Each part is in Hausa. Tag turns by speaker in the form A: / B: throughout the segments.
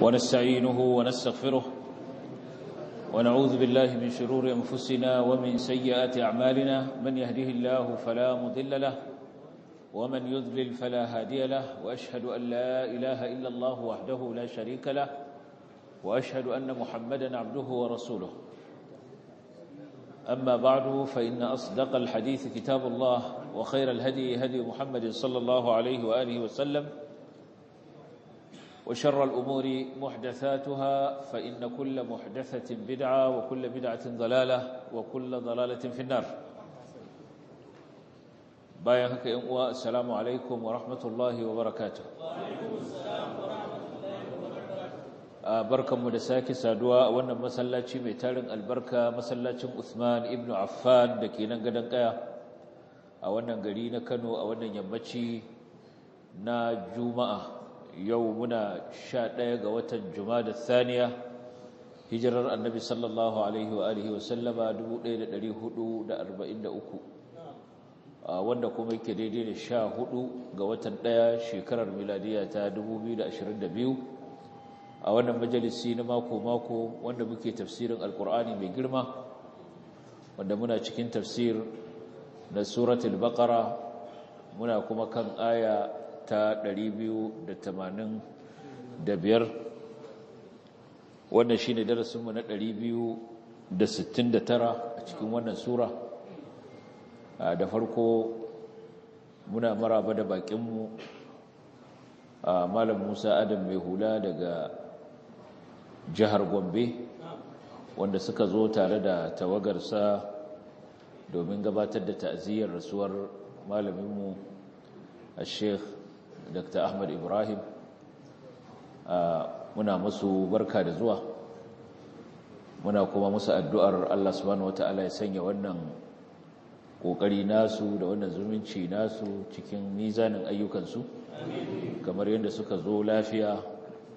A: ونستعينه ونستغفره ونعوذ بالله من شرور أنفسنا ومن سيئات أعمالنا من يهده الله فلا مضل له ومن يذلل فلا هادي له وأشهد أن لا إله إلا الله وحده لا شريك له وأشهد أن محمدا عبده ورسوله أما بعد فإن أصدق الحديث كتاب الله وخير الهدي هدي محمد صلى الله عليه وآله وسلم وشر الأمور محدثاتها فإن كل محدثة بدعة وكل بدعة ضلالة وكل ضلالة في النار bayan haka ‘yan uwa assalamu alaikum wa rahmatullahi wa barakatu barkanmu da sake saduwa a wannan masallaci mai tarin albarka masallacin usman ibn affan da ke nan gadon kaya a wannan gari na kano a wannan yammaci na juma'a yau muna sha ɗaya ga watan da Saniya, hijirar annabi sallallahu alaihi wa alihi wasallama 1443 wanda kuma yake daidai da sha hudu ga watan ɗaya shekarar miladiya ta 2022 a wannan majalisi na mako-mako wanda muke tafsirin alkur'ani mai girma wanda muna cikin tafsir na suratul baqara muna kuma kan aya ta 285 wannan shi ne darasinmu na 269 a cikin wannan sura da farko muna maraba da bakinmu malam musa adam mai hula daga jihar gombe wanda suka zo tare da tawagarsa domin gabatar da ta'aziyyar rasuwar malaminmu a sheikh dr ahmad ibrahim muna musu barka da zuwa muna kuma musu addu'ar allah subhanahu ala ya sanya wannan ƙoƙari nasu da wannan zumunci nasu cikin nizanin ayyukansu kamar yadda suka zo lafiya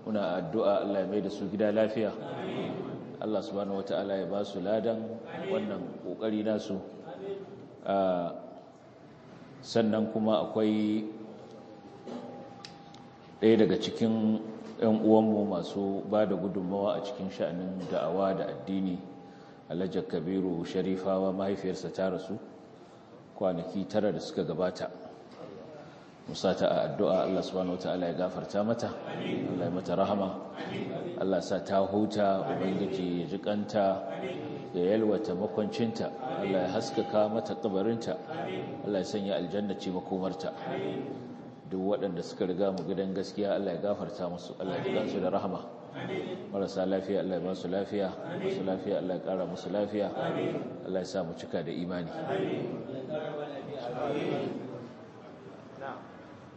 A: muna addu'a allah ya mai da su gida lafiya allah subhanahu ala ya ba su ladan wannan ƙoƙari nasu sannan kuma akwai ɗaya daga cikin 'yan uwanmu masu ba da gudunmawa a cikin sha'anin da'awa da addini alhaji kabiru sharifawa mahaifiyarsa ta rasu kwanaki tara da suka gabata musa ta a addu'a Allah subhanahu ya gafarta mata Allah ya mata rahama Allah sa ta huta ubangiji ya jikanta ya yalwata makwancinta Allah ya haskaka mata kabarinta Allah ya sanya aljanna ce makomarta duk waɗanda suka riga mu gidan gaskiya Allah ya gafarta musu Allah ya su da rahama marasa lafiya Allah ya ba su lafiya masu lafiya Allah ya ƙara musu lafiya Allah ya sa mu cika da imani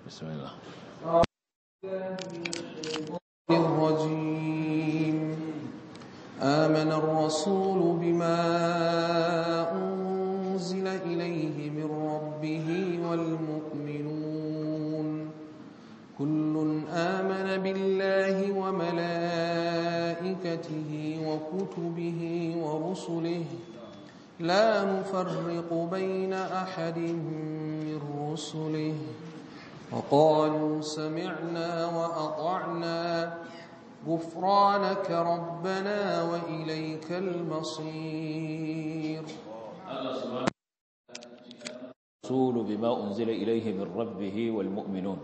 A: bismillah
B: آمن الرسول بما لا نفرق بين أحد من رسله وقالوا سمعنا وأطعنا غفرانك ربنا وإليك المصير
A: رسول بما أنزل إليه من ربه والمؤمنون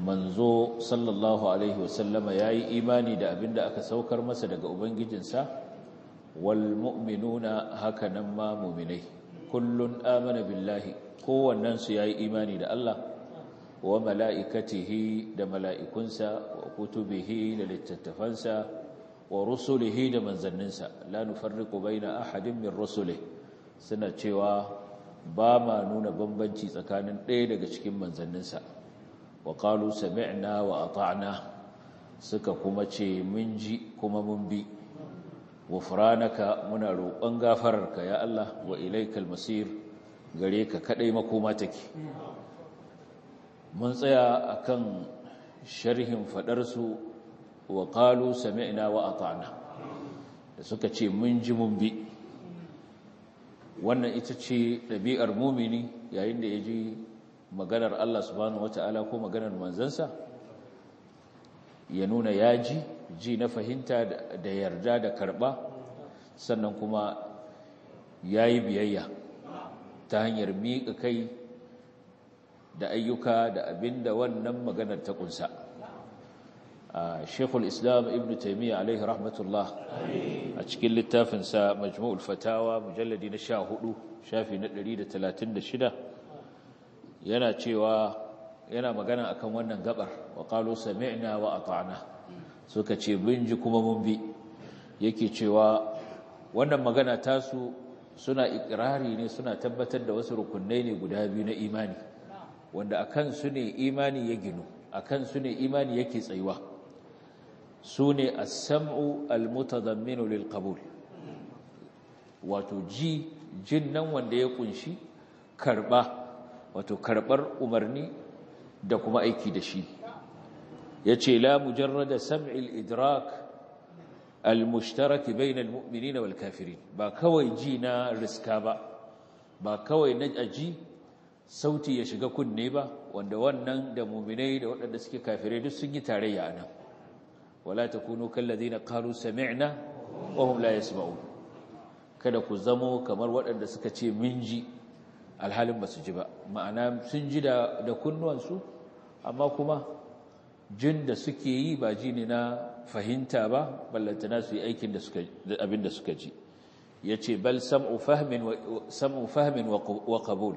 A: منزو صلى الله عليه وسلم يا إيماني دا أبن دا أكسوكر مسا دا أبنجي جنسا walmuminuna mu'minuna hakanan ma mu'minai kullun amana billahi kowannen su yayi imani da Allah wa mala'ikatihi da mala'ikunsa wa kutubihi da littattafansa wa rusulihi da manzanninsa la nufarriqu baina ahadin min rusulihi suna cewa ba ma nuna bambanci tsakanin ɗaya daga cikin manzanninsa wa qalu sami'na wa ata'na suka kuma ce mun ji kuma mun bi wafuranaka muna roƙon gafararka ya Allah wa ilaikal masir gare ka kaɗai makoma take mun tsaya a kan sharhin faɗarsu su wa qalu sami'na wa ata'na da suka ce mun ji mun bi wannan ita ce ɗabi'ar mumini yayin da ya ji maganar Allah subhanahu ta'ala ko maganar manzansa ya nuna ya ji ji na fahimta da yarda da karɓa sannan kuma ya yi biyayya ta hanyar miƙa kai da ayyuka da abin da wannan maganar ta ƙunsa shekul islam ibn taimiyya alaihi rahmatullah a cikin littafinsa majmu'ul fatawa mujalladi na sha hudu shafi na 136 yana cewa yana magana akan wannan gabar wa qalu sami'na wa ata'na suka ce bin ji kuma mun bi yake cewa wannan magana tasu suna ikrari ne suna tabbatar da wasu rukunai ne guda biyu na imani wanda akan su ne imani ya ginu akan su ne imani yake tsayuwa su ne as-sam'u al-mutadamminu lil qabul wato ji jin nan wanda ya kunshi karba wato karbar umarni da kuma aiki da shi yace la mujarrada sam'il idrak al-mushtarak bainal al-mu'minina wal kafirin ba kawai ji na riska ba ba kawai na aji sauti ya shiga kunne ba wanda wannan da mu'minai da waɗanda suke kafirai duk sun yi tarayya nan wala takunu kal ladina qalu sami'na wa hum la kada ku zamo kamar waɗanda suka ce mun ji alhalin ba su ji ba ma'ana sun ji da kunnuwansu amma kuma jin da suke yi ba ji ne na fahimta ba ballantana su yi aikin da suka abin da suka ji yace bal sam'u fahmin wa kabul,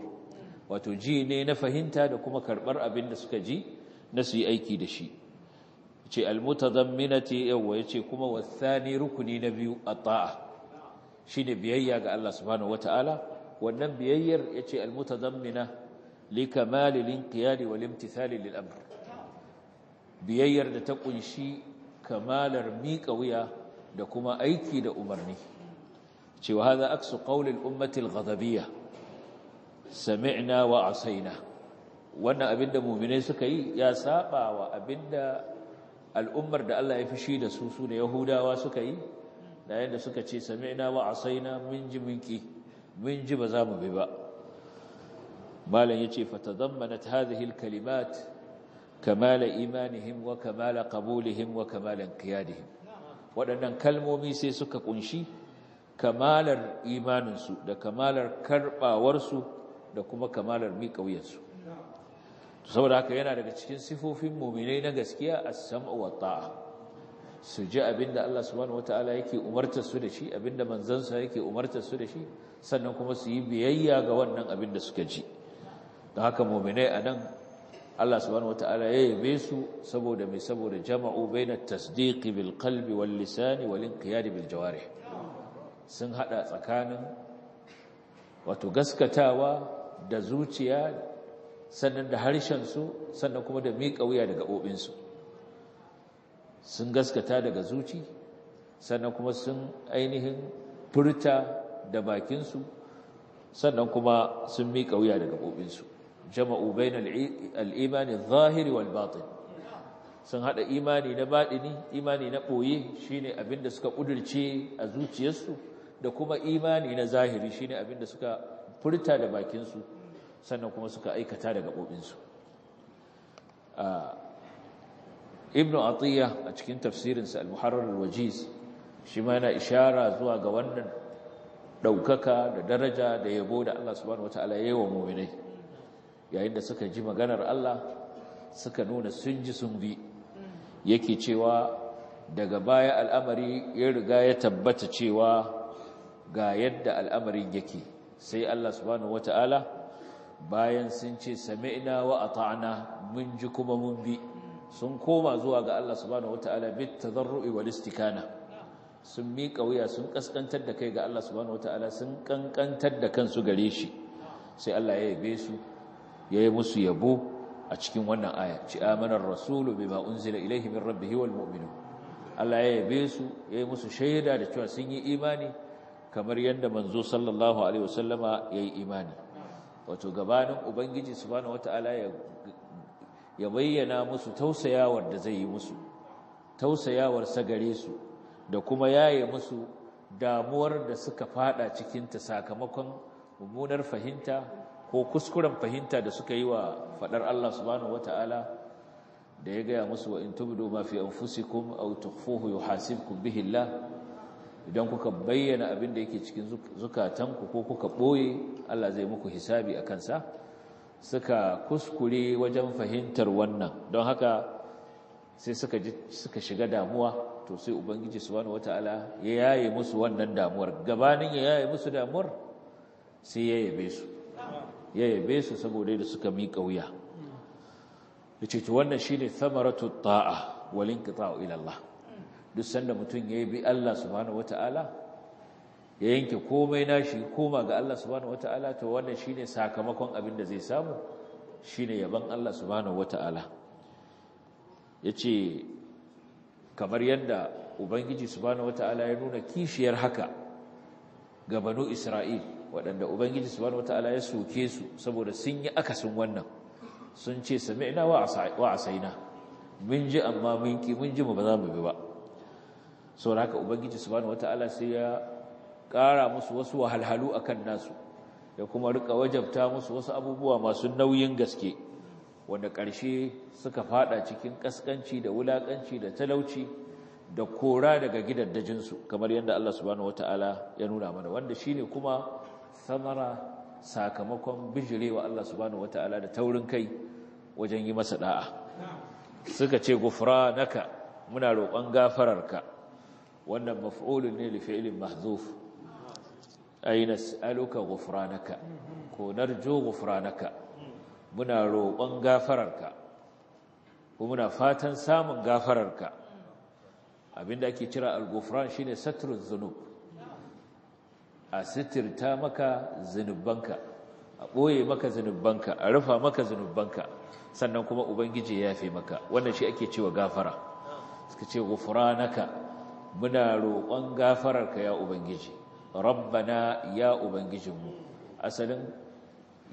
A: wato ji ne na fahimta da kuma karɓar abin da suka ji na su yi aiki da shi yace al yau yawa yace kuma wasani rukuni na biyu Shi shine biyayya ga Allah subhanahu wataala wannan biyayyar yace al Li لكمال الانقياد والامتثال للأمر biyayyar da ta kunshi kamalar miƙa wuya da kuma aiki da umarni cewa haza aksu qaulil ummati al-ghadabiyya sami'na wa wannan abinda mu'minai suka yi ya saɓa wa abinda al'ummar da Allah ya fi shi da su su da yahudawa suka yi da yanda suka ce sami'na wa asaina mun ji ba za mu bi ba malam yace fatadammanat hadhihi alkalimat kamal imanihim wa kamal qabulihim wa waɗannan kalmomi sai suka kunshi kamalar imaninsu da kamalar karɓawarsu da kuma kamalar miƙauyensu saboda haka yana daga cikin sifofin muminai na gaskiya a samu wa ta'a su ji abinda Allah subhanahu wataala yake umartar su da shi abinda manzansa yake umartar su da shi sannan kuma su yi biyayya ga wannan abin da suka ji haka muminai a nan Allah subhanahu wata'ala ya yabe su saboda mai saboda jama'u baina tasdiqi bil qalbi wal lisani wal inqiyadi bil jawarih sun hada tsakanin wato gaskatawa da zuciya sannan da harshen su sannan kuma da miƙa wuya daga obinsu, sun gaskata daga zuci sannan kuma sun ainihin furta da bakinsu sannan kuma sun miƙa wuya daga obinsu. jama'u bainal al-imani adh-dhahiri wal batin sun hada imani na baɗini imani na boye shine abinda suka kudurce a zuciyarsu da kuma imani na zahiri shine abinda suka furta da bakinsu sannan kuma suka aikata da gabobinsu ibn atiya a cikin tafsirinsa al-muharrar al-wajiz shi ma yana ishara zuwa ga wannan daukaka da daraja da yabo da Allah subhanahu wataala yayi wa mu'minai yayin da suka ji maganar Allah suka nuna sun ji sun bi yake cewa daga baya al'amari ya riga ya tabbata cewa ga yadda al'amarin yake sai Allah subhanahu wata'ala bayan sun ce sami'na wa ata'na mun ji kuma mun bi sun koma zuwa ga Allah subhanahu wata'ala bit tadarru'i wal istikana sun miƙa wuya sun kaskantar da kai ga Allah subhanahu wata'ala sun kankantar da kansu gare shi sai Allah ya yabe su ya yi musu yabo a cikin wannan aya ci amanar rasulu bima unzila ilaihi min rabbi hewal mu'minu Allah ya yabe su ya yi musu shaida da cewa sun yi imani kamar yadda manzo sallallahu alaihi wasallama ya yi imani wato gabanin ubangiji su bani wataala ya ya bayyana musu tausayawar da zai yi musu tausayawar sagare su da kuma ya yi musu damuwar da suka fada cikinta sakamakon mummunar fahimta ko kuskuren fahimta da suka yi wa fadar Allah subhanahu wataala da ya gaya musu wa in tubdu ma fi anfusikum aw tukhfuhu yuhasibkum bihi Allah idan kuka bayyana abin da yake cikin zukatanku ko kuka boye Allah zai muku hisabi a kansa suka kuskure wajen fahimtar wannan don haka sai suka suka shiga damuwa to sai ubangiji subhanahu wataala ya yaye musu wannan damuwar gabanin ya yaye musu damuwar sai ya yabe su ya yabe su saboda da suka miƙa wuya yace to wannan shine thamaratu ta'a wal inqita'u ila Allah duk sanda mutum ya bi Allah subhanahu wataala ya yanke komai nashi koma ga Allah subhanahu wataala to wannan shine sakamakon abin da zai samu shine yaban Allah subhanahu wataala yace kamar yadda ubangiji subhanahu wataala ya nuna kishiyar haka ga banu Isra'il waɗanda ubangiji su wani wataala ya soke su saboda sun yi akasin wannan sun ce ina wa a na? mun ji amma mun ki mun ji mu ba za mu bi ba da haka ubangiji su wani wataala sai ya ƙara musu wasu wahalhalu kan nasu ya kuma rika wajabta musu wasu abubuwa masu nauyin gaske wanda ƙarshe suka faɗa cikin ƙasƙanci da wulaƙanci da talauci da kora daga gidan dajinsu kamar yadda Allah subhanahu ta'ala ya nuna mana wanda shine kuma samara sakamakon bijirewa Allah subhanahu wataala da taurin kai wajen yi masa da'a suka ce naka, muna roƙon gafararka wannan maf'ulun ne li fi'ilin mahzuf ay nas'aluka gufranaka ko narju gufranaka muna roƙon gafararka ko muna fatan samun gafararka abinda ake kira al gufran shine satrul dhunub a sitirta maka zunubanka a ɓoye maka zunubanka a rufa maka zunubanka sannan kuma ubangiji ya yafe maka wannan shi ake cewa gafara suka ce naka muna roƙon gafararka ya ubangiji rabbana ya mu. asalin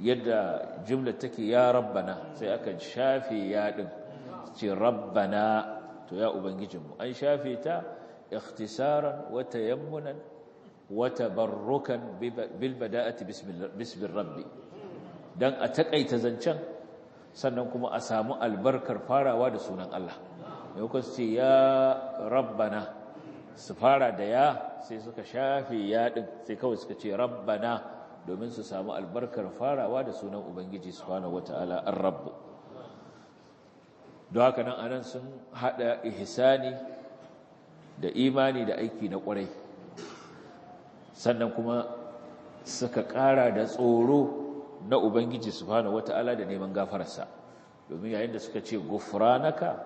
A: yadda jumla take ya rabbana sai aka shafe yaɗin din ce rabbana to ya ubangijinmu an shafe ta ikhtisaran wata yammunan. watabarrukan bil bada'ati bismir rabbi dan a takaita zancen sannan kuma a samu albarkar farawa da sunan Allah yau ce ya rabbana su fara da ya sai suka shafe ya din sai kawai suka ce rabbana domin su samu albarkar farawa da sunan ubangiji subhanahu wataala ar-rabb don haka nan anan sun haɗa ihsani da imani da aiki na kwarai sannan kuma suka ƙara da tsoro na ubangiji subhanahu wata'ala da neman gafararsa domin yayin da suka ce gufranaka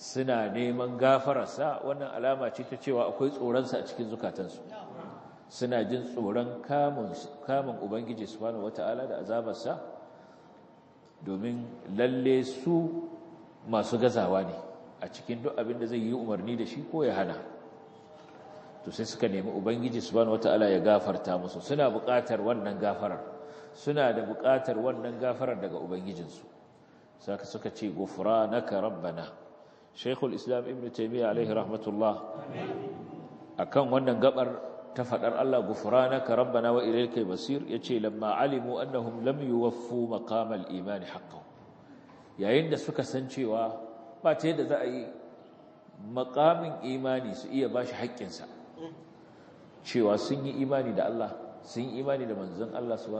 A: suna neman gafararsa wannan alama ce ta cewa akwai tsoronsa a cikin zukatansu suna jin tsoron kamun ubangiji subhanahu wata'ala da azabarsa domin lalle su masu gazawa ne a cikin duk abin da zai yi umarni da shi ko ya hana to sai suka nemi ubangiji subhanahu wataala ya gafarta musu suna buƙatar wannan gafarar suna da buƙatar wannan gafarar daga ubangijinsu saka suka ce ghufranaka rabbana shaykhul islam ibnu taymiya alaihi rahmatullah akan wannan gabar ta fadar Allah ghufranaka rabbana wa ilayka basir yace lamma alimu annahum lam yuwaffu maqamal iman haqqan yayin da suka san cewa ba ta yadda za a yi makamin imani su iya bashi haƙƙinsa cewa sun yi imani da Allah sun yi imani da manzan Allah su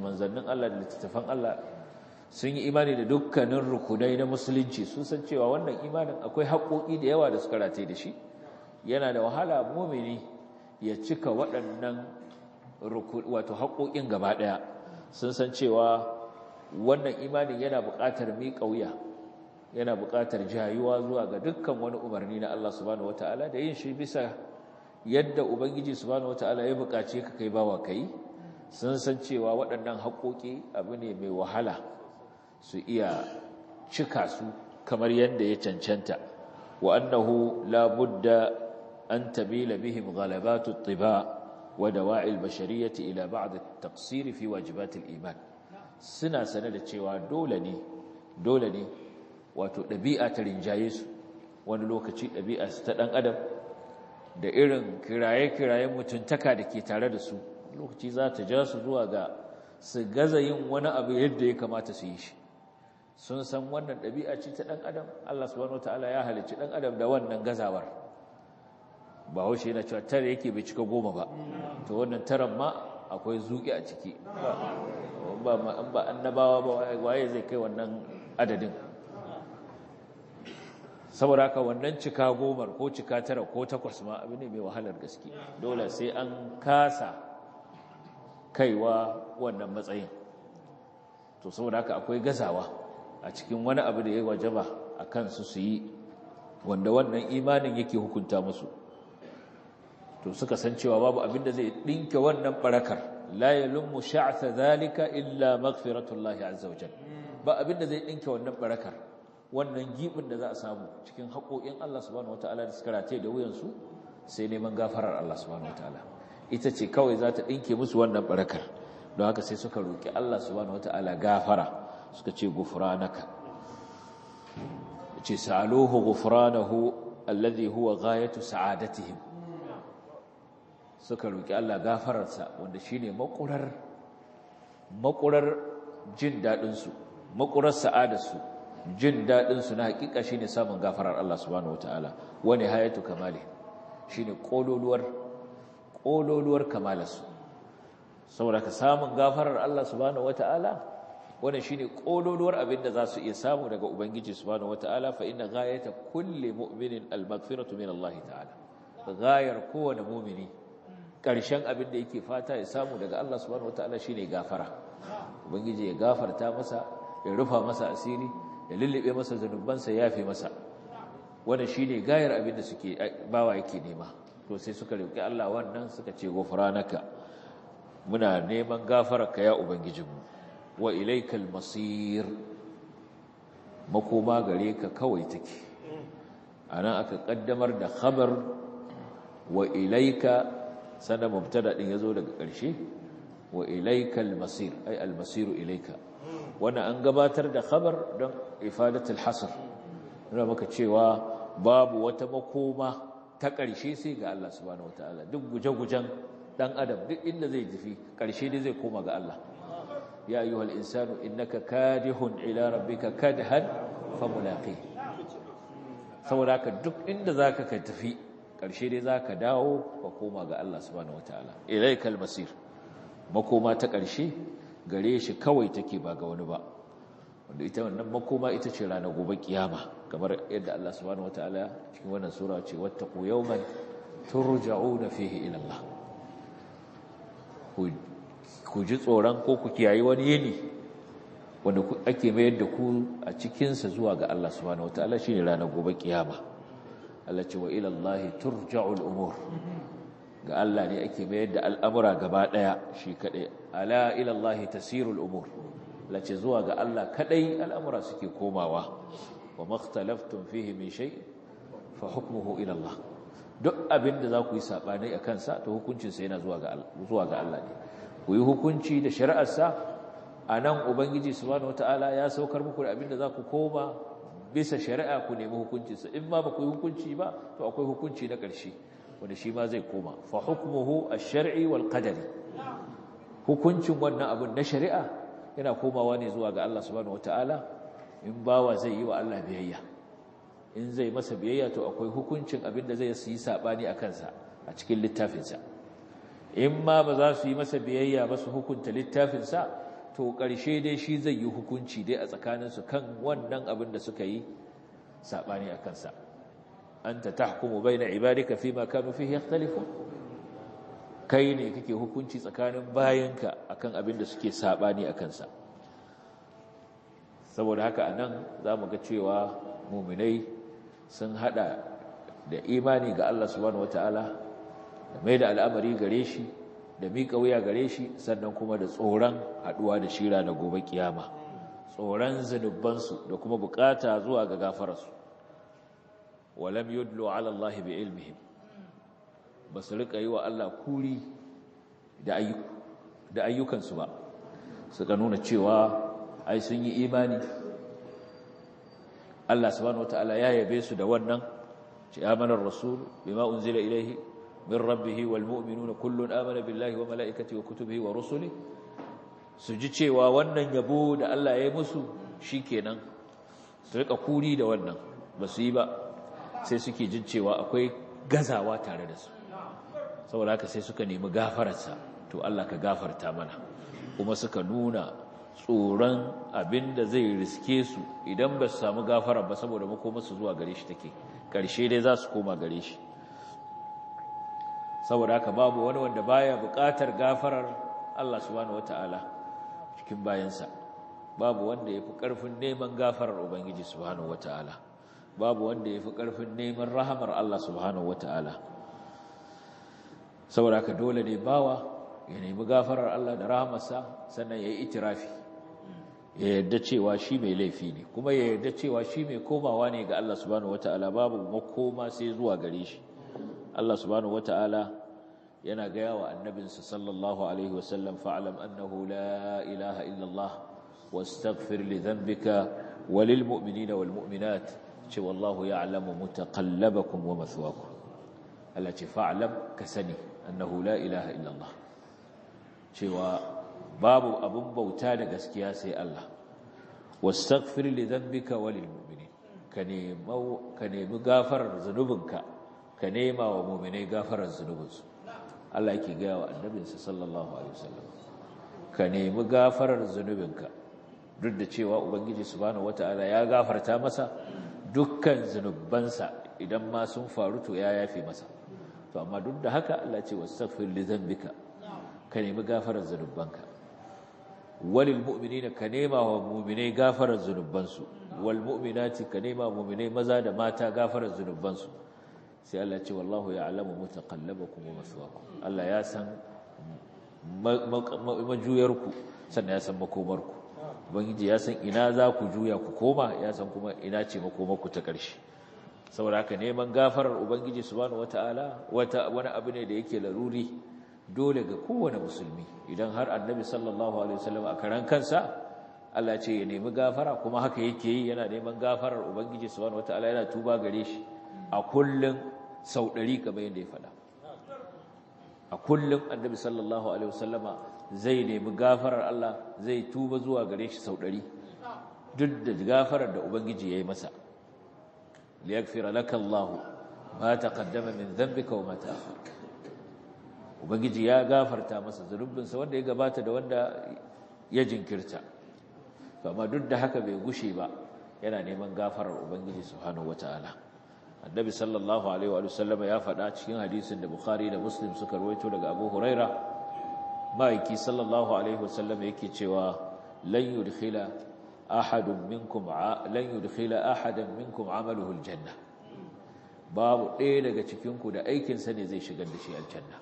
A: manzannin Allah da littattafan Allah sun yi imani da dukkanin rukunai na musulunci sun san cewa wannan imanin akwai haƙoƙi da yawa da suka rataye da shi yana da wahala mumini ya cika waɗannan wato haƙoƙin gaba ɗaya sun san cewa wannan imanin yana buƙatar miƙa wuya yana buƙatar jayuwa zuwa ga dukkan wani umarni na Allah subhanahu wataala da yin shi bisa yadda ubangiji subhanahu wataala ya buƙace ka kai bawa kai sun san cewa waɗannan haƙoƙi abu ne mai wahala su iya cika su kamar yadda ya cancanta wa annahu la'budda budda an tabila bihim ghalabatu at-tiba wa dawa'il ba bashariyyati ila ba'd at-taqsir fi wajibat iman suna sanar da cewa dole ne dole ne wato ɗabi'a ta rinjaye su wani lokaci ɗabi'a ta ɗan adam da irin kiraye-kirayen mutuntaka da ke tare da su lokaci za ta ja su zuwa ga su gaza yin wani abu yadda ya kamata su yi shi sun san wannan ɗabi'a ce ta ɗan adam Allah subhanahu ta'ala ya halicci ɗan adam da wannan gazawar ba shi na cewa tara yake bai cika goma ba to wannan taran ma akwai zuƙi a ciki ba annabawa ba waye zai kai wannan adadin saboda haka wannan cika gomar ko cika tara ko takwas ma abu ne mai wahalar gaske dole sai an kasa kaiwa wannan matsayin to saboda haka akwai gazawa a cikin wani abu da ya waje ba a kansu su yi wanda wannan imanin yake hukunta musu to suka san cewa babu abin da zai ɗinke wannan barakar la yalummu zalika illa maghfiratullahi azza wajalla ba abin da zai ɗinke wannan barakar wannan gibin da za a samu cikin haƙoƙin Allah subhanahu wataala da suka rataye da wuyansu sai neman gafarar Allah subhanahu wataala ita ce kawai za ta ɗinke musu wannan barakar don haka sai suka roƙi Allah subhanahu wataala gafara suka ce gufranaka ce sa'aluhu gufranahu alladhi huwa gayatu sa'adatihim suka roƙi Allah gafararsa wanda shine ne maƙurar jin daɗinsu makurar sa'adarsu jin daɗin su na hakika shine samun gafarar Allah subhanahu wataala wani hayatu kamali shine kololuwar kololuwar kamalarsu saboda ka samun gafarar Allah subhanahu wataala shi shine ƙololuwar abin da za su iya samu daga ubangiji subhanahu wataala fa inna ghayata kulle mu'minin al-maghfiratu min Allah ta'ala gayar kowane mu'mini ƙarshen abin da yake fata ya samu daga Allah subhanahu wataala shine gafara ubangiji ya gafarta masa ya rufa masa asiri ya lullube masa zanubansa ya yafe masa wanda shine gayar abin da suke bawa yake nema to sai suka riƙe Allah wannan suka ce gofranaka muna neman gafararka ya ubangijinmu wa ilaikal masir makoma gare ka kawai take anan aka kaddamar da khabar wa ilaika sanan mubtada din yazo daga ƙarshe wa ilaikal masir ay al masiru ilaika wannan an gabatar da khabar don ifadatul hasr yana maka cewa babu wata makoma ta ƙarshe sai ga Allah subhanahu wataala duk guje-gujen dan adam duk inda zai tafi ƙarshe dai zai koma ga Allah ya ayyuhal insanu innaka kadihun ila rabbika kadhan famulaqi saboda haka duk inda zaka ka tafi ƙarshe dai zaka dawo ka koma ga Allah subhanahu wataala ilaikal masir makoma ta ƙarshe gare shi kawai take ba ga wani ba wanda ita wannan makoma ita ce ranar gobe kiyama kamar yadda Allah subhanahu wataala cikin wannan sura ce wattaqu yawman turja'una fihi ila Allah ku ji tsoron ko ku kiyayi wani yini wanda ake mayar da ku a cikinsa zuwa ga Allah subhanahu wataala shine ranar gobe kiyama Allah ce wa ila Allah turja'ul umur ga Allah ne ake mayar da al'amura gaba ɗaya shi kaɗai ala ilallahi tasirul umur lace zuwa ga Allah kaɗai al'amura suke komawa wa makhtalaftun fihi min shai fa hukmuhu ila duk abin da za ku yi saɓani a kansa ta hukuncinsa yana zuwa ga Allah ne ku yi hukunci da shari'arsa a nan ubangiji subhanahu wata'ala ya saukar muku da abin da za ku koma bisa shari'a ku nemi hukuncinsa in ma ba ku yi hukunci ba to akwai hukunci na ƙarshe wanda shi ma zai koma fa hukmuhu ash-shar'i wal qadari hukuncin wannan abin na shari'a yana komawa ne zuwa ga Allah subhanahu wataala in bawa zai yi wa Allah biyayya in zai masa biyayya to akwai hukuncin abin da zai yi sabani a kansa a cikin littafinsa in ma ba za su yi masa biyayya ba su hukunta littafin sa to karshe dai shi zai yi hukunci dai a tsakanin su kan wannan abin da suka yi saɓani a kansa anta tahkumu baina ibadika fima kanu fihi yakhtalifun kai ne kake hukunci tsakanin bayanka akan abin da suke sabani akan sa saboda haka anan zamu ga cewa mu'minai sun hada da imani ga Allah subhanahu wataala da mai da al'amari gare shi da miƙa wuya gare shi sannan kuma da tsoron haɗuwa da shira da gobe kiyama tsoron zunubansu da kuma bukata zuwa ga gafararsu walam yudlu ala Allah bi ilmihim ba su rika yi wa Allah kuri da ayyukansu ba suka nuna cewa ai sun yi imani Allah subhanahu wataala ya yabe su da wannan ce amanar ar-rasul bima unzila ilayhi min rabbih wal mu'minuna kullun amana billahi wa malaikatihi wa kutubihi wa rusulihi su ji cewa wannan yabo da Allah ya yi musu shikenan su rika kuri da wannan ba su yi ba sai suke jin cewa akwai gazawa tare da su saboda haka sai suka nemi gafararsa to Allah ka gafarta mana kuma suka nuna tsoron abin da zai riske su idan ba su samu gafara ba saboda makomarsu zuwa gare shi take ƙarshe dai za su koma gare shi saboda haka babu wani wanda baya buƙatar gafarar Allah subhanahu wata'ala cikin bayansa babu wanda ya fi ƙarfin neman gafarar Ubangiji subhanahu wata'ala babu wanda ya fi ƙarfin neman rahamar Allah subhanahu ta'ala. saboda ka dole ne bawa ya nemi gafarar Allah da rahamarsa sannan ya yi itirafi ya yarda cewa shi mai laifi ne kuma ya yarda cewa shi mai komawa ne ga Allah subhanahu ta'ala, babu makoma sai zuwa gare shi Allah subhanahu ta'ala yana gaya wa annabinsa sallallahu alaihi wasallam fa'alam annahu la ilaha illallah واستغفر لذنبك وللمؤمنين والمؤمنات ce wallahu ya'lamu mutaqallabakum wa masuwaku? Allah ce fa'lam ka sani annahu la ilaha cewa babu abun bauta da gaskiya sai Allah wastaghfir li dhanbika wa lil mu'minin ka nemi gafarar zunubinka ka nema wa mu'minai gafarar zunubinsu Allah yake gaya wa annabinsa sallallahu alaihi wasallam ka nemi gafarar zunubinka duk da cewa ubangiji subhanahu wataala ya gafarta masa dukkan zunubansa idan ma sun faru to ya yafe masa to amma duk da haka Allah ce wastaghfir li dhanbika ka nemi gafarar zunubanka walil mu'minina ka nema wa mu'minai gafarar zunubansu wal mu'minati ka nema mu'minai maza da mata gafarar zunubansu sai Allah ce wallahu ya'lamu mutaqallabakum wa maswaakum Allah ya san majuyarku sannan ya san makomarku ubangiji ya san ina za ku juya ku koma ya san kuma ina ce makomarku ta ƙarshe saboda haka neman gafarar ubangiji subhanahu wataala wata wani abu ne da yake laruri dole ga kowane musulmi idan har annabi sallallahu alaihi wasallam a karan kansa Allah ce ya nemi gafara kuma haka yake yi yana neman gafarar ubangiji subhanahu wataala yana tuba gare shi a kullun sau 100 kamar yadda ya faɗa a kullun annabi sallallahu alaihi wasallama zai nemi gafarar Allah zai tuba zuwa gare shi sau ɗari duk da gafarar da ubangiji ya yi masa liyaghfira laka ba ta kaddama min dhanbika wa ma ubangiji ya gafarta masa zunubinsa wanda ya gabata da wanda ya jinkirta amma duk da haka bai gushe ba yana neman gafarar ubangiji subhanahu annabi sallallahu alaihi wa ya faɗa cikin hadisin da bukhari da muslim suka rawaito daga abu huraira ma'aiki sallallahu alaihi wasallam yake cewa lan yudkhila ahadun minkum lan yudkhila ahadan minkum amaluhu aljanna babu ɗaya daga cikinku da aikinsa ne zai shigar da shi aljanna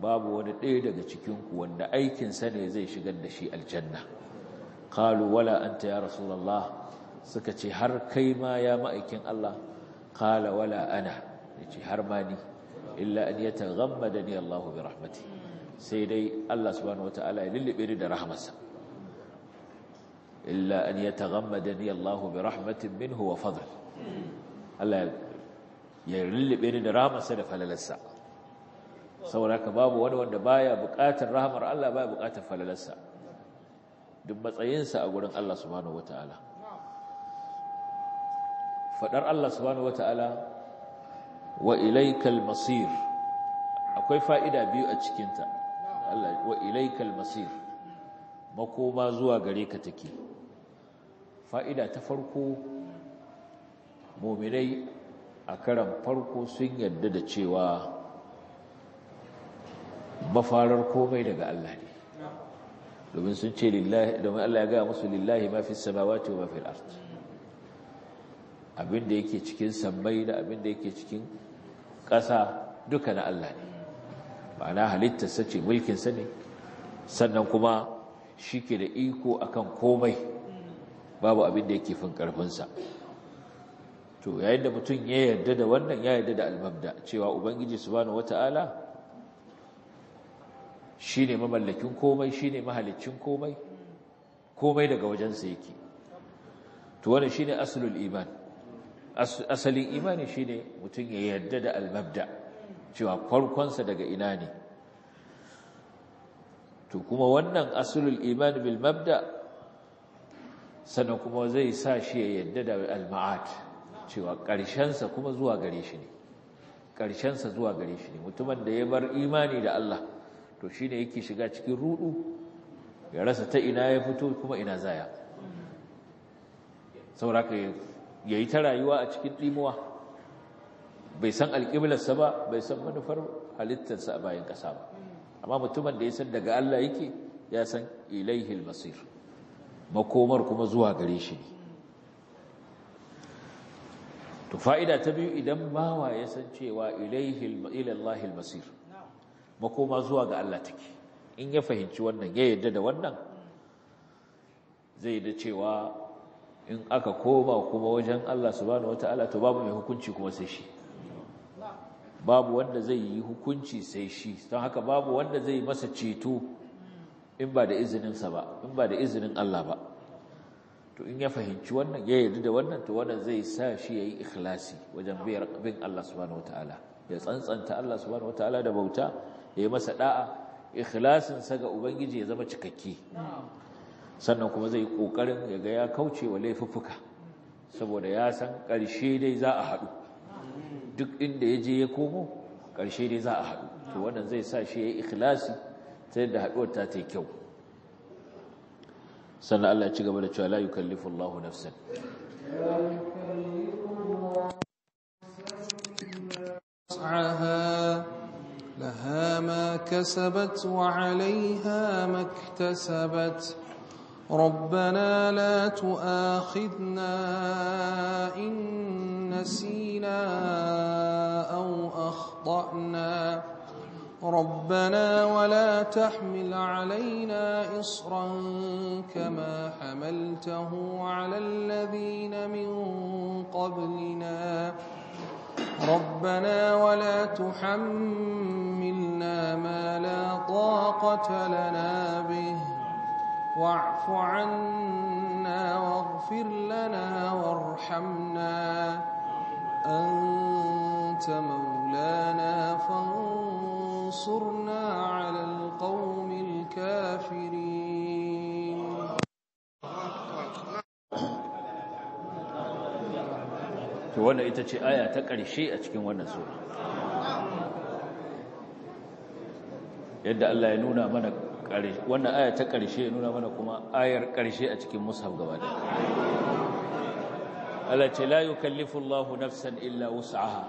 A: babu wani ɗaya daga cikinku wanda aikinsa ne zai shigar da shi aljanna qalu wala anta ya rasulullah suka ce har kai ma ya ma'aikin Allah qala wala ana yace har ma ni illa an yataghammadani Allah bi rahmatihi sai dai Allah subhanahu wataala ya lullube ni da rahmarsa illa an yataghammadani Allah bi rahmatin minhu wa fadl Allah ya lullube ni da rahmarsa da falalarsa saboda ka babu wani wanda baya buƙatar rahmar Allah baya buƙatar falalarsa duk matsayinsa a gurin Allah subhanahu wataala fadar Allah subhanahu wataala wa ilaykal masir akwai fa'ida biyu a cikinta Allah wa ilaikal masir makoma zuwa gare ka take fa'ida ta farko muminai a karan farko sun yarda da cewa mafarar komai daga Allah ne domin sun ce lillahi domin Allah ya ga musu lillahi ma fi samawati wa fi al-ard abinda yake cikin sammai da abinda yake cikin ƙasa duka na Allah ne ma'ana halittarsa ce mulkinsa ne sannan kuma shi ke da iko akan komai babu abin da yake fin ƙarfinsa to yayin da mutum ya yarda da wannan ya yarda da almabda cewa ubangiji subhanahu wata'ala shine mamallakin komai shine mahalicin komai komai daga wajensa yake to wannan ne aslul iman asalin imani ne mutum ya yarda da almabda cewa farkonsa daga ina ne to kuma wannan asulul iman bil mabda sana kuma zai sa shi ya yadda da al-ma'ad cewa ƙarshensa kuma zuwa gare shi ne ƙarshensa zuwa gare shi ne mutumin da ya bar imani da Allah to shine yake shiga cikin rudu ya rasa ta ina ya fito kuma ina zaya sauraka yayi ta rayuwa a cikin dimuwa bai san alƙiblarsa ba bai san manufar halittarsa a bayan ƙasa ba amma mutumin da ya san daga Allah yake ya san ilaihil masir makomar kuma zuwa gare shi ne to fa'ida ta biyu idan bawa ya san cewa ilaihil ilallahil masir makoma zuwa ga Allah take in ya fahimci wannan ya yarda da wannan zai da cewa in aka koma kuma wajen Allah subhanahu wataala to babu mai hukunci kuma sai shi babu wanda zai yi hukunci sai shi don haka babu wanda zai masa ceto in ba da izininsa ba in ba da izinin Allah ba to in ya fahimci wannan ya yarda da wannan to wannan zai sa shi ya yi ikhlasi wajen biyar bin Allah subhanahu wataala ya tsantsanta Allah subhanahu wataala da bauta ya yi masa da'a ikhlasin sa ga ubangiji ya zama cikakke sannan kuma zai kokarin ya ga ya kauce wa laifuffuka saboda ya san ƙarshe dai za a haɗu duk inda ya je ya komo ƙarshe ne za a haɗu to wannan zai sa shi ya ikhlasi ta yadda haɗuwar ta ta kyau sannan Allah ya ci gaba da cewa la yukallifu
B: Allah nafsan وسعها لها ما كسبت وعليها ما اكتسبت ربنا لا تؤاخذنا إن نسينا أو أخطأنا ربنا ولا تحمل علينا إصرا كما حملته على الذين من قبلنا ربنا ولا تحملنا ما لا طاقة لنا به واعف عنا واغفر لنا وارحمنا أنت مولانا فانصرنا على القوم الكافرين
A: to wannan ita ce aya ta ƙarshe a cikin wannan sura yadda Allah ya nuna mana wannan aya ta ƙarshe nuna mana kuma ayar ƙarshe a cikin mushaf gaba da Allah ce la yukallifu Allahu nafsan illa wus'aha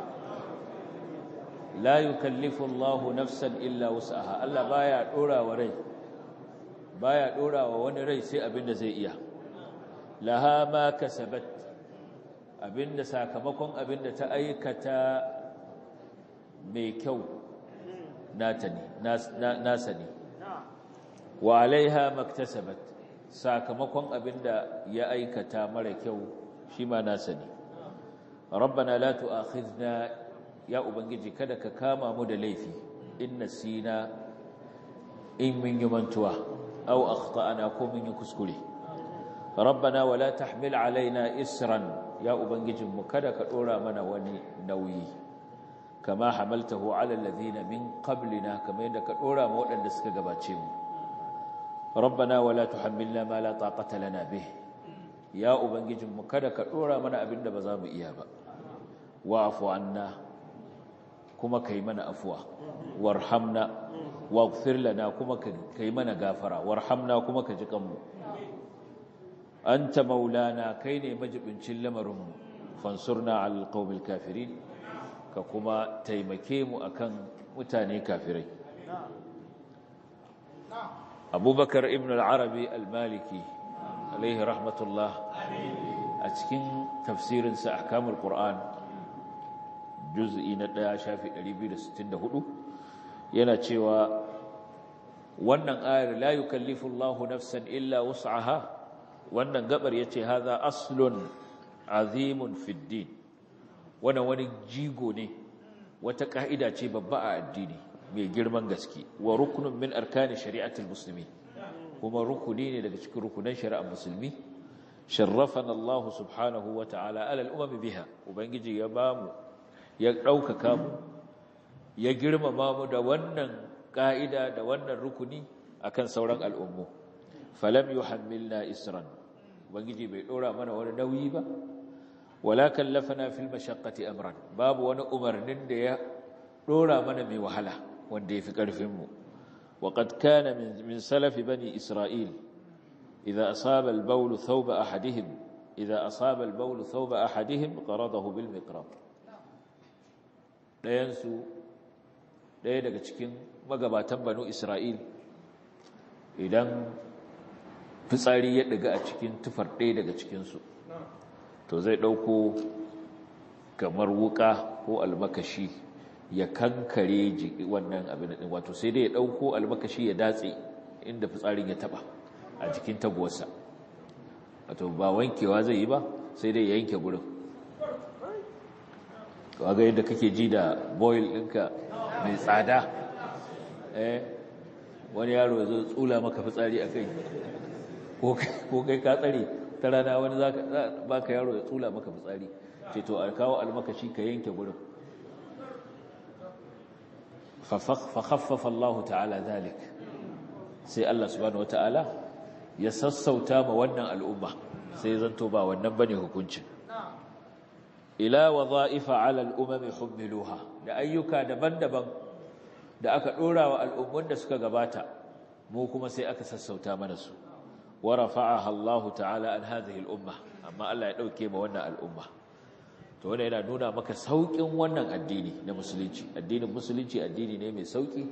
A: la yukallifu Allahu nafsan illa wus'aha Allah baya dora wa rai baya dora wa wani rai sai abin da zai iya laha ma kasabat abinda sakamakon abinda ta aikata mai kyau na ne nasa ne wa alaiha maktasabat sakamakon abinda ya aikata mara kyau shi ma nasa ne rabbana la tu'akhidna ya ubangiji kada ka kama mu da laifi in nasina in mun yi mantuwa aw akhtana ko mun yi kuskure rabbana wala tahmil alaina isran ya ubangijin mu kada ka dora mana wani nauyi kama hamaltahu ala alladhina min qablina kama yadda ka dora ma waɗanda suka gabace mu rabbana wala tuhammilna ma la taqata lana bih ya ubangijin mu kada ka dora mana abin da ba za mu iya ba wa'fu anna kuma kai mana afwa warhamna waghfir lana kuma kai mana gafara warhamna kuma ka ji kanmu anta maulana kai ne majibincin lamarinmu fansurna alal qawmil kafirin ka kuma taimake mu akan mutane kafirai abubakar ibn al-arabi al-maliki alaihi rahmatullah a cikin tafsirinsa a kamar ƙur'an juz'i na ɗaya shafi 264 yana cewa wannan ayar la yukallifu Allahu nafsan illa wus'aha wannan gabar yace haza aslun azimun fid din wannan wani jigo ne wata ka'ida ce babba a addini mai girman gaske wa rukunin min arkanin shari'atul musulmi kuma rukuni ne daga cikin rukunan shari'ar musulmi
C: sharrafana
A: Allah subhanahu wa ta'ala alal umami biha ubangiji ya bamu ya ɗaukaka mu ya girmama mu da wannan ƙa'ida da wannan rukuni akan sauran al'ummu falam yuhammilna isran ubangiji bai ɗora mana wani nauyi ba wala kallafana fil mashaqqati amran babu wani umarnin da ya dora mana mai wahala wanda ya fi ƙarfinmu waƙad kana min salafi bani isra'il idan asaba albaulu a ahadihim idan asaba albaulu thauba ahadihim qaradahu bil miqrab ɗayansu ɗaya daga cikin magabatan banu isra'il idan fitsari ya ɗiga a cikin tufar ɗaya daga cikinsu to zai ɗauko kamar wuƙa ko almakashi ya kankare jiki wannan abin din wato sai dai ya dauko almakashi ya datse inda fitsarin ya taba a jikin taguwarsa wato ba wankewa zai yi ba sai dai ya yanke gurin kaga yadda kake ji da boil dinka mai tsada eh wani yaro ya zo tsula maka fitsari a kai ko kai ka tsare ta rana wani za ka yaro ya tsula maka fitsari ce to a kawo almakashi ka yanke gurin فخفف الله تعالى ذلك سي الله سبحانه وتعالى يسسوتا ما wannan al'umma sai zanto ba wannan bane hukuncin ila wadha'ifa 'ala al-umam humiluha da ayyuka daban-daban da aka dora wa al'ummun da suka gabata mu kuma sai aka sassauta mana su wa rafa'aha Allah ta'ala an hadhihi al-umma amma Allah ya dauke ma wannan al'umma to wanda yana nuna maka saukin wannan addini na musulunci addinin musulunci addini ne mai sauki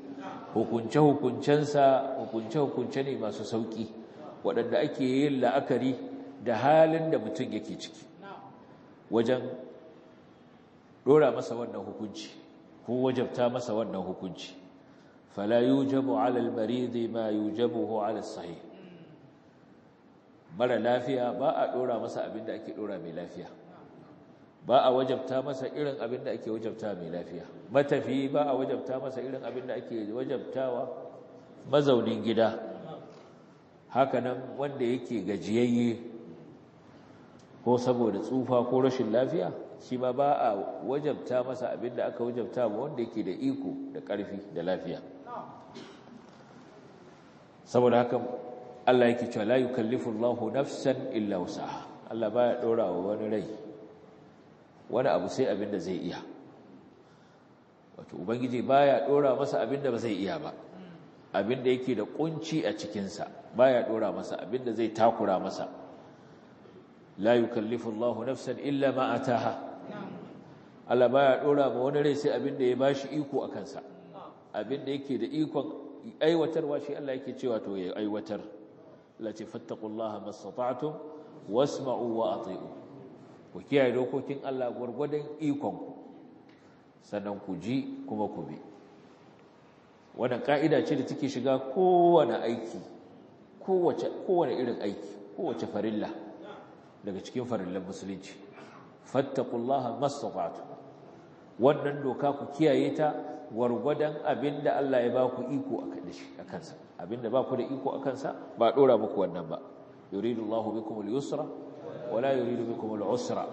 A: hukunce hukuncensa hukunce hukunce ne masu sauki waɗanda ake yin la'akari da halin da mutum yake ciki wajen ɗora masa wannan hukunci ko wajabta masa wannan hukunci fala yujabu ala al ma yujabuhu ala sahih mara lafiya ba a dora masa abin da ake ɗora mai lafiya ba a wajabta masa irin abin da ake wajabta mai lafiya matafi ba a wajabta masa irin abin da ake wajabtawa mazaunin gida hakanan wanda yake gajiyayye ko saboda tsufa ko rashin lafiya shi ma ba a wajabta masa abin da aka wajabta ba wanda yake da iko da ƙarfi da lafiya saboda haka Allah yake cewa la yukallifu Allahu nafsan illa wusaha Allah baya dora wa wani rai wani abu sai abin da zai iya wato ubangiji baya dora masa abin da ba zai iya ba abin da yake da kunci a cikinsa baya dora masa abin da zai takura masa la yukallifu Allahu nafsan illa ma ataha Allah baya dora ba wani rai sai abin da ya bashi iko a kansa abin da yake da ikon aiwatarwa shi Allah yake cewa to ya aiwatar lati fattaqullaha masata'tum wasma'u wa ati'u ku kiyaye dokokin Allah ikon ku. sannan ku ji kuma ku bi wannan ka'ida ce da take shiga kowane aiki kowace kowane irin aiki kowace farilla daga cikin farillan musulunci fattaqullaha mastata'tu wannan doka ku kiyaye ta gwargwadon abinda Allah ya ba ku iko a kansa abinda ba ku da iko a kansa ba dora muku wannan ba yuridullahu bikumul yusra wala yuridu bikum al-usra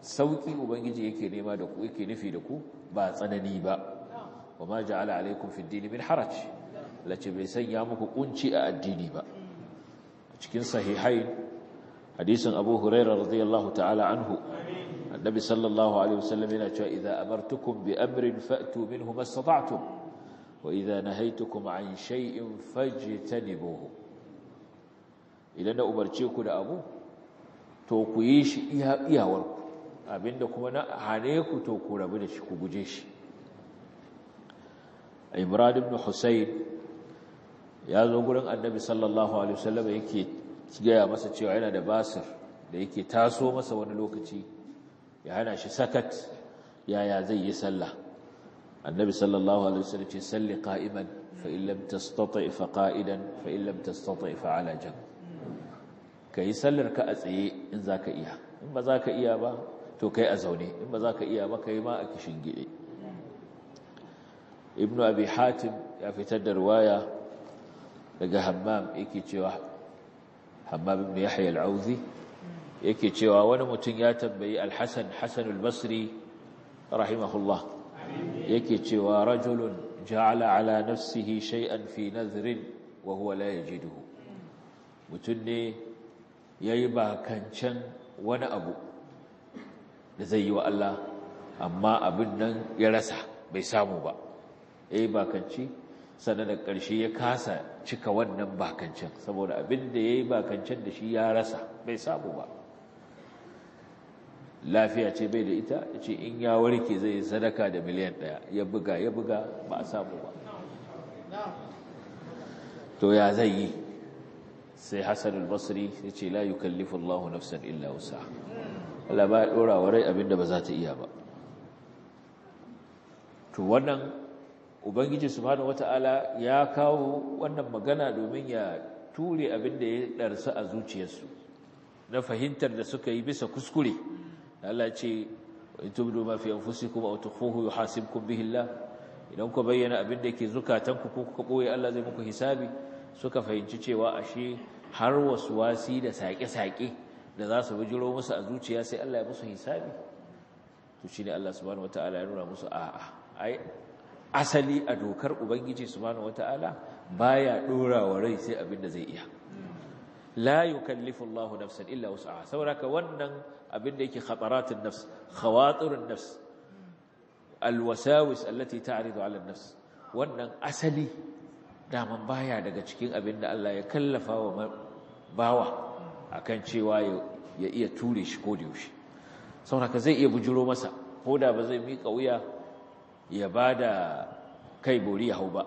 A: sauki ubangiji yake nema da ku yake nufi da ku ba tsanani ba wama ja'ala alaikum fi ad min haraj lace bai sanya muku kunci a addini ba cikin sahihain hadisin Abu Hurairah radiyallahu ta'ala anhu annabi sallallahu alaihi wasallam yana cewa idza amartukum bi amrin fa'tu minhu mastata'tum wa idza nahaytukum an shay'in fajtanibuhu idan da umarce ku da abu to ku yi shi iyawarku abinda kuma na hane ku to ku rabu da shi ku guje shi imrad ibn husayn ya zo gurin annabi sallallahu alaihi wasallam yake gaya masa cewa yana da basir da yake taso masa wani lokaci ya hana shi sakat yaya zai yi sallah annabi sallallahu alaihi wasallam ce salli qa'iman fa in lam tastati fa qa'idan fa in lam tastati fa ala janb ka yi sallar ka a tsaye in za ka iya in ba za ka iya ba to kai a zaune in ba za ka iya ba kai ma a kishin gide ibn abi hatim ya fitar da ruwaya daga hammam yake cewa hammam ibn yahya al-auzi yake cewa wani mutum ya tambayi al-hasan hasan al-basri rahimahullah yake cewa rajulun ja'ala ala nafsihi shay'an fi nadhrin wa huwa la yajiduhu mutum ne ya yi bakancan wani abu da zai yi wa Allah amma abin nan ya rasa bai samu ba ya yi bakanci sannan da ƙarshe ya kasa cika wannan bakancan saboda abin da ya yi bakancan da shi ya rasa bai samu ba lafiya ce bai da ita ce in ya warke zai sadaka da miliyan ɗaya ya buga ya buga ba a samu ba to ya zai yi sai hassan al-basri ya ce la yukallifu allahu nafsan illa wusa Allah ba ya ɗora wa rai abinda ba za ta iya ba to wannan ubangiji subhanahu wata'ala ya kawo wannan magana domin ya ture abinda ya ɗarsa a zuciyarsu na fahimtar da suka yi bisa kuskure Allah ce in tubdu ma fi anfusikum aw tukhuhu kun bihin La? idan ku bayyana abinda yake zukatanku ko kuka ɓoye Allah zai muku hisabi suka fahimci cewa ashe har wasu wasi da saƙe-saƙe da za su bijiro musu a zuciya sai Allah ya musu hisabi to shi ne Allah subhanahu wata'ala ya nuna musu a'a ai asali a dokar ubangiji subhanahu wata'ala baya dora wa rai sai abin da zai iya la yukallifu Allahu nafsan illa wus'aha saboda wannan abin da yake khataratun nafs khawatirun nafs alwasawis allati ta'ridu 'ala an-nafs wannan asali daman baya daga cikin abin da Allah ya kallafa wa bawa a kan cewa ya iya ture shi ko da yaushe ka zai iya bujuro masa ko da ba zai miƙa wuya ya ba da kai bori ya hau ba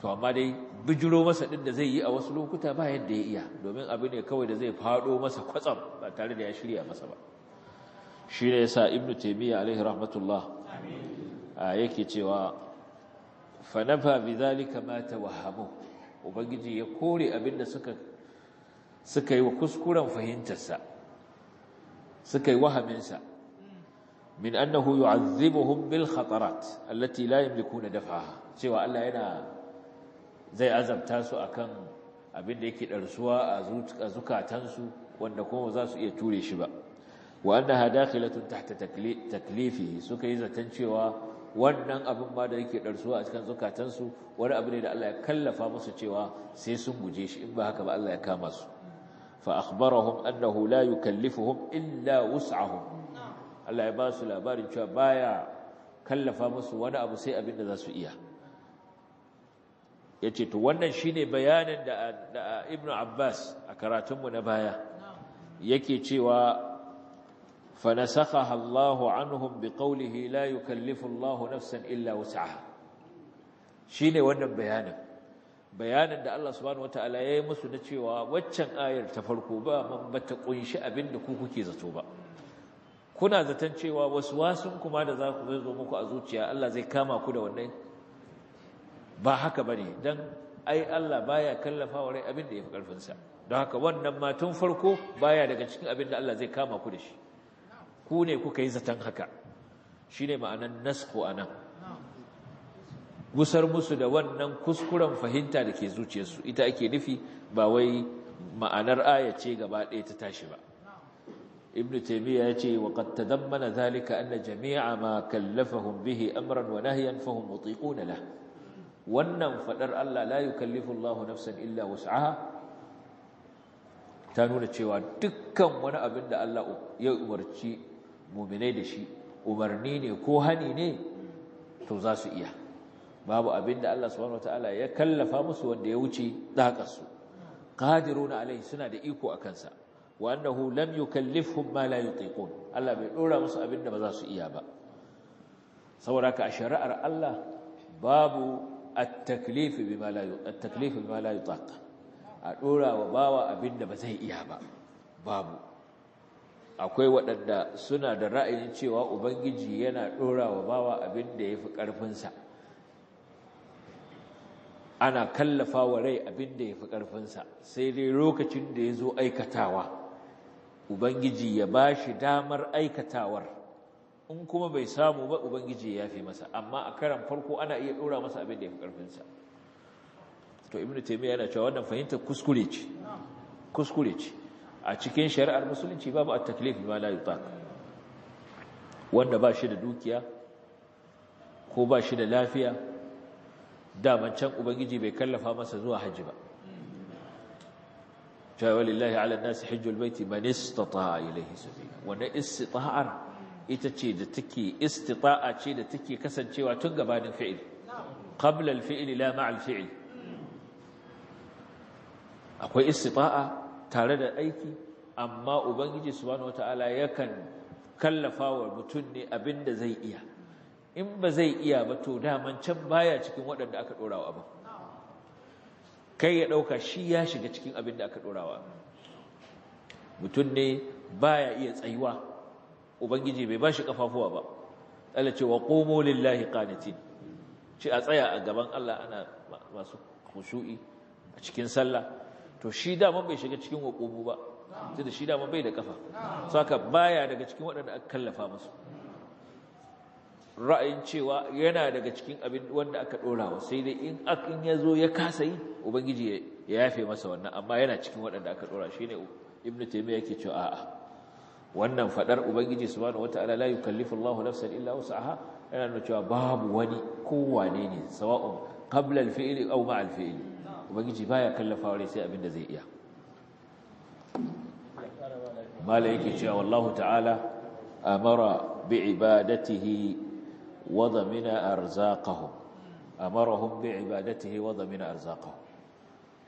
A: to amma dai bijiro masa ɗin da zai yi a wasu lokuta ba yadda ya iya domin abin ne kawai da zai faɗo masa kwatsam ba tare da ya shirya masa ba shi ne ya yasa ibnu taimiyya alaihi rahmatullah yake cewa fa nafa bidhalika ma tawahhamu ubangiji ya kore abinda suka suka yi wa kuskuren fahimtarsa suka yi wahaminsa min annahu yu'azzibuhum bil khatarat allati la yamlikuna daf'aha cewa Allah yana zai azabta su akan abinda yake darsuwa a zukatansu wanda kuma za su iya ture shi ba wa annaha dakhilatun tahta taklifi suka yi zaton cewa wannan abin ma da yake ɗarsuwa a cikin zukatansu wani abu ne da Allah ya kallafa musu cewa sai sun guje shi in ba haka ba Allah ya kama su fa akhbarahum annahu la yukallifuhum illa wus'ahum Allah ya ba su labarin cewa baya kallafa musu wani abu sai abin da za su iya yace to wannan shine bayanin da Ibn Abbas a karatunmu na baya yake cewa فنسخها الله عنهم بقوله لا يكلف الله نفسا إلا وسعها شيني wannan bayanin bayanin da Allah subhanahu ya yayi musu na cewa waccan ayar ta farko ba man bata ƙunshi abin da ku kuke zato ba kuna zaton cewa waswasun kuma da za ku zo muku a zuciya Allah zai kama ku da wannan ba haka bane dan ai Allah baya kallafawa wa rai abin da yafi karfin sa haka wannan ma tun farko baya daga cikin abin da Allah zai kama ku da shi ku ne kuka yi zaton haka shine ma'anan nasku nan. gusar musu da wannan kuskuren fahimta da ke zuciyarsu ita ake nufi ba wai ma'anar aya ce gaba ɗaya ta tashi ba ibnu taymiya yace wa qad tadammana zalika anna jami'a ma kallafahum bihi amran wa nahyan fahum mutiquna la wannan fadar Allah la yukallifu Allahu nafsan illa wus'aha ta nuna cewa dukkan wani abin da Allah ya umarci muminai da shi umarni ne ko hani ne to za su iya babu abin da Allah subhanahu wataala ya kallafa musu wanda ya wuce dakarsu qadiruna alaihi suna da iko a kansa wa annahu lam yukallifhum ma la yutiqun Allah bai dora musu abin da ba za su iya ba saboda ka a shari'ar Allah babu at-taklif bima la at-taklif bima la yutaq a dora wa bawa abin da ba zai iya ba babu akwai waɗanda suna da ra'ayin cewa ubangiji yana ɗora wa bawa abin da ya fi ƙarfinsa ana kallafa wa rai abin da ya fi ƙarfinsa sai dai lokacin da ya zo aikatawa ubangiji ya ba shi damar aikatawar in kuma bai samu ba ubangiji ya fi masa amma a karan farko ana iya ɗora masa abin da ya fi ƙarfinsa to ibnu taimiyya yana cewa wannan fahimtar kuskure ce kuskure ce a cikin shari'ar musulunci babu at-taklif bima la yutaq wanda ba shi da dukiya ko ba shi da lafiya daman can ubangiji bai kallafa masa zuwa haji ba cewa lillahi ala nasi hajjul baiti man istata'a ilayhi sabila wannan istita'ar ita ce da take istita'a ce da take kasancewa tun gabanin fi'il qabla al-fi'l la ma'a al-fi'l akwai istita'a tare da aiki amma ubangiji subhanahu wataala yakan kallafa wa mutum ne abin da zai iya in ba zai iya ba to daman can baya cikin waɗanda aka ɗorawa ba. kai ya ɗauka shi ya shiga cikin abin da aka ɗorawa. mutum ne baya iya tsayuwa ubangiji bai ba shi ƙafafuwa ba tsala ce wa qumu lillahi qanitin ce a tsaya a gaban Allah ana masu khushu'i a cikin sallah to shi dama bai shiga cikin waƙubu ba sai da shi dama bai da kafa saka baya daga cikin waɗanda aka kallafa musu ra'ayin cewa yana daga cikin abin wanda aka ɗorawa sai dai in akin ya zo ya kasa yi ubangiji ya yafe masa wannan amma yana cikin waɗanda aka ɗora shi ne ibn taimiyya yake cewa a'a wannan faɗar ubangiji wata ala, layu yukallifu Allahu nafsan illa wus'aha yana nuna cewa babu wani kowane ne sawa'un qabla al-fi'li aw ma'a al ubangiji baya kallafa rai sai abin da zai iya mala yake cewa wallahu ta'ala amara bi ibadatihi wa dhamina arzaqahum amarahum bi ibadatihi wa dhamina arzaqahum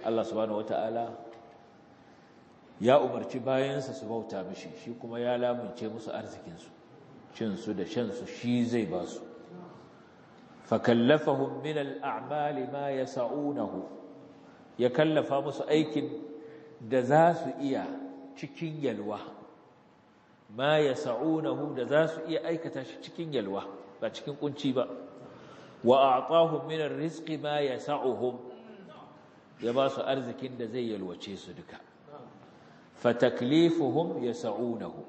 A: Allah subhanahu wata'ala ya umarci bayansa su bauta mishi shi kuma ya lamunce musu arzikin arzikinsu cinsu da shansu shi zai ba su fakallafahum min al'amali ma yasaunahu ya kallafa musu aikin da za su iya cikin yalwa ma ya sa'unahu da za su iya aikata shi cikin yalwa ba cikin kunci ba wa a'tahum min ar-rizqi ma yas'uhum ya ba su arzikin da zai yalwace su duka fa taklifuhum yas'unahu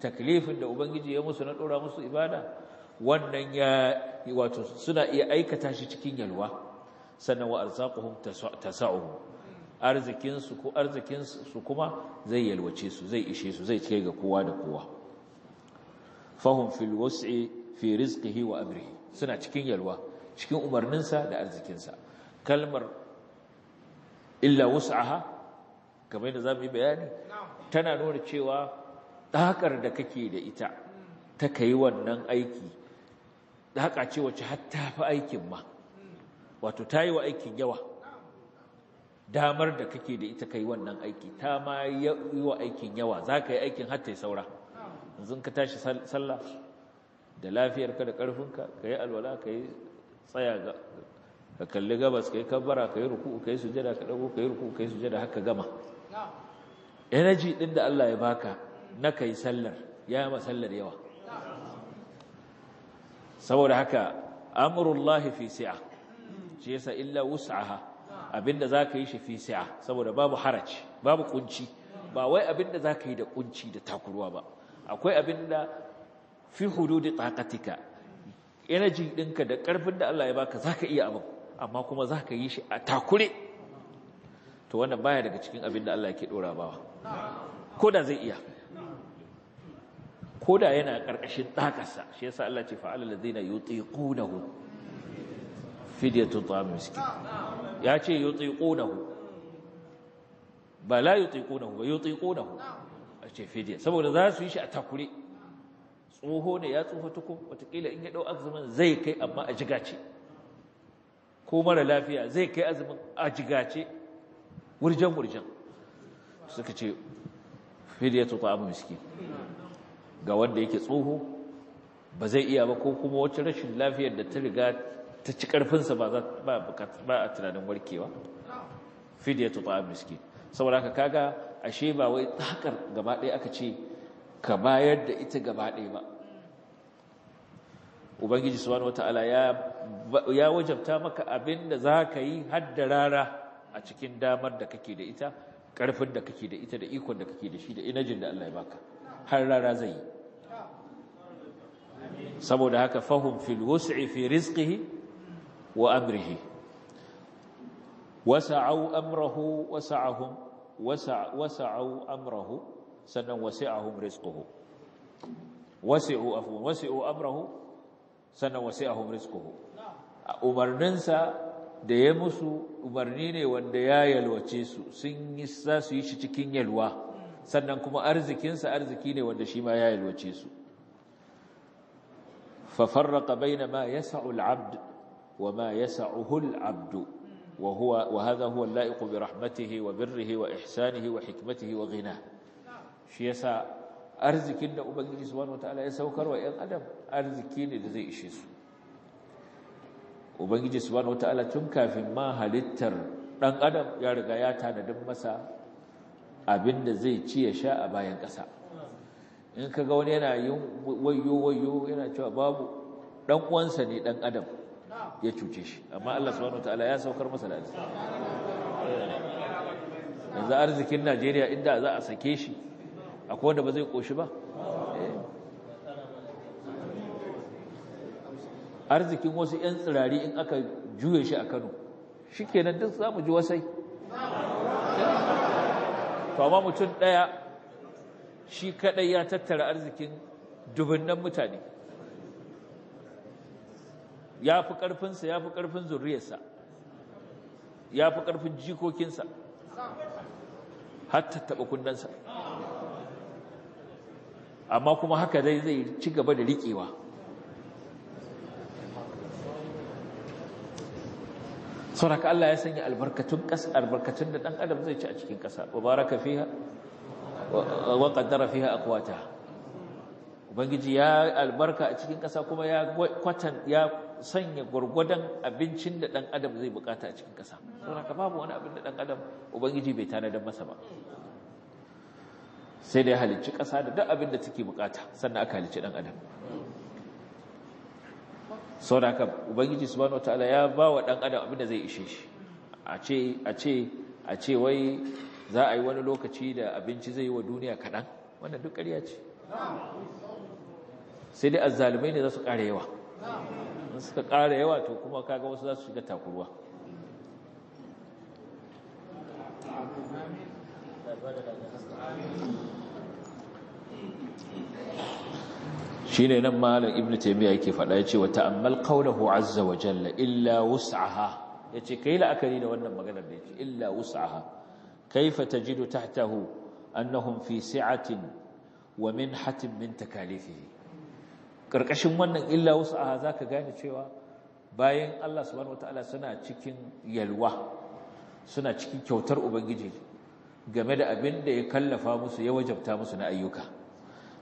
A: taklifin da ubangiji ya musu na ɗora musu ibada wannan ya wato suna iya aikata shi cikin yalwa sannan wa arzakuhum tasa'uhum arzikin su ko arzikin su kuma zai yalwace su zai ishe su zai cike ga kowa da kowa fahum fil wus'i fi rizqihi wa amrihi suna cikin yalwa cikin umarninsa da arzikinsa kalmar illa wus'aha kamar yadda zamu yi bayani tana nuna cewa dakar da kake da ita ta kai wannan aiki haka ce wacce hatta fa aikin ma wato ta yi wa aikin yawa damar da kake da ita kai wannan aiki ta ma yi wa aikin yawa za ka yi aikin hatta ya saura yanzu ka tashi sallah da lafiyarka da ƙarfinka ka yi alwala ka yi tsaya ga ka kalli gabas ka yi kabbara ka yi ruku ka yi sujada ka ɗago ka yi ruku ka yi sujada haka gama energy ɗin da Allah ya baka na ka yi sallar ya yi sallar yawa saboda haka amurullahi fi si'a shi yasa illa wus'aha abinda zaka yi shi fi sa'a saboda babu haraji babu kunci ba wai abinda zaka yi da kunci da takurwa ba akwai abinda fi hududi taqatika energy dinka da karfin da Allah ya baka zaka iya abin amma kuma zaka yi shi a takure to wannan baya daga cikin abinda Allah yake dora bawa koda zai iya koda yana karkashin dakarsa shi yasa Allah ce fa'alal ladina yutiqunahu fidyatu ta'am miskin ya ce yi yutiqunahu ba la yutiqunahu ba yutiqunahu a ce fidya saboda za su yi shi a takure tsoho ne ya tsoho tuko watakila in ya ɗau azumin zai kai amma a jigace ko mara lafiya zai kai azumin a jigace wurjen-wurjen. suka ce fidyatu ta'am miskin ga wanda yake tsoho ba zai iya ba ko kuma wacce rashin lafiyar da ta riga ta ci karfinsa ba a tunanin warkewa fidiyatu a miski. saboda haka kaga ashe ba wai hakar gabaɗaya aka ce ka bayar da ita gaba ba ubangiji subhanahu wata'ala ya ya wajabta maka abin abinda ka yi hadda rara a cikin damar da kake da ita karfin da kake da ita da ikon da kake da shi da inajin da Allah ya baka har rara zai yi saboda haka fahim fil wus'i fi wa amrihi wasa'u amrahu wasa'ahum wasa'u amrahu sannan wasi'ahum rizquhu wasi'u afwan wasi'u amrahu sannan wasi'ahum rizquhu umarninsa da ya musu umarni ne wanda ya yalwace su sun yi za su yi shi cikin yalwa sannan kuma arzikinsa arziki ne wanda shi ma ya yalwace su fa farraqa bayna ma yas'u al-'abd وما يسعه العبد وهو وهذا هو اللائق برحمته وبره وإحسانه وحكمته وغناه shi yasa arzikin da ubangiji subhanahu wataala ya saukar wa ƴan adam arziki ne da zai ishe su ubangiji subhanahu wataala tun kafin ma halittar dan adam ya riga ya tanadin masa abinda zai ci ya sha a bayan ƙasa in kaga wani yana yin wayo wayo yana cewa babu dan uwansa ne dan adam ya cuce shi amma Allah subhanahu wataala ya saukar masa da arziki yanzu arzikin Najeriya inda za a sake shi akwai wanda ba zai koshi ba eh. arzikin wasu 'yan tsirari in aka juye shi a Kano shi kenan duk za mu ji wasai amma mutum daya shi kadai ya tattara arzikin dubunnan mutane ya fi ƙarfinsa ya fi ƙarfin zurriyarsa ya fi ƙarfin jikokinsa har taɓa kundansa amma kuma haka zai zai ci gaba da riƙewa sauraka Allah ya sanya albarkatun ƙasa albarkatun da ɗan adam zai ci a cikin ƙasa baraka fiha wa ha a kwata ubangiji ya albarka a cikin ƙasa kuma ya kwatan ya sanya gwargwadon abincin da ɗan adam zai bukata a cikin ƙasa ka babu wani abin da ɗan adam ubangiji bai tanadar masa ba sai da ya halicci ƙasa da duk abin da take bukata sannan aka halicci ɗan adam da haka ubangiji bano wataala ya ba wa ɗan adam abin da zai ishe shi a a ce wai za a yi wani lokaci da abinci zai yi wa duniya kaɗan wannan duk ƙarya ce sai dai azzalumai ne za su ƙara yawa suka ƙara yawa to kuma kaga wasu za su shiga takuruwa shi ne nan malam ibn taimiyya yake faɗa ya ce wa ta'ammal qawluhu azza wa jalla illa wus'aha ya ce kai la'akari da wannan maganar da ce, illa wus'aha kaifa tajidu tahtahu annahum fi si'atin wa min hatin min takalifihi ƙarƙashin wannan illa wasu a za ka gane cewa bayan Allah subhanahu wataala suna cikin yalwa suna cikin kyautar ubangiji game da abin da ya kallafa musu ya wajabta musu na ayyuka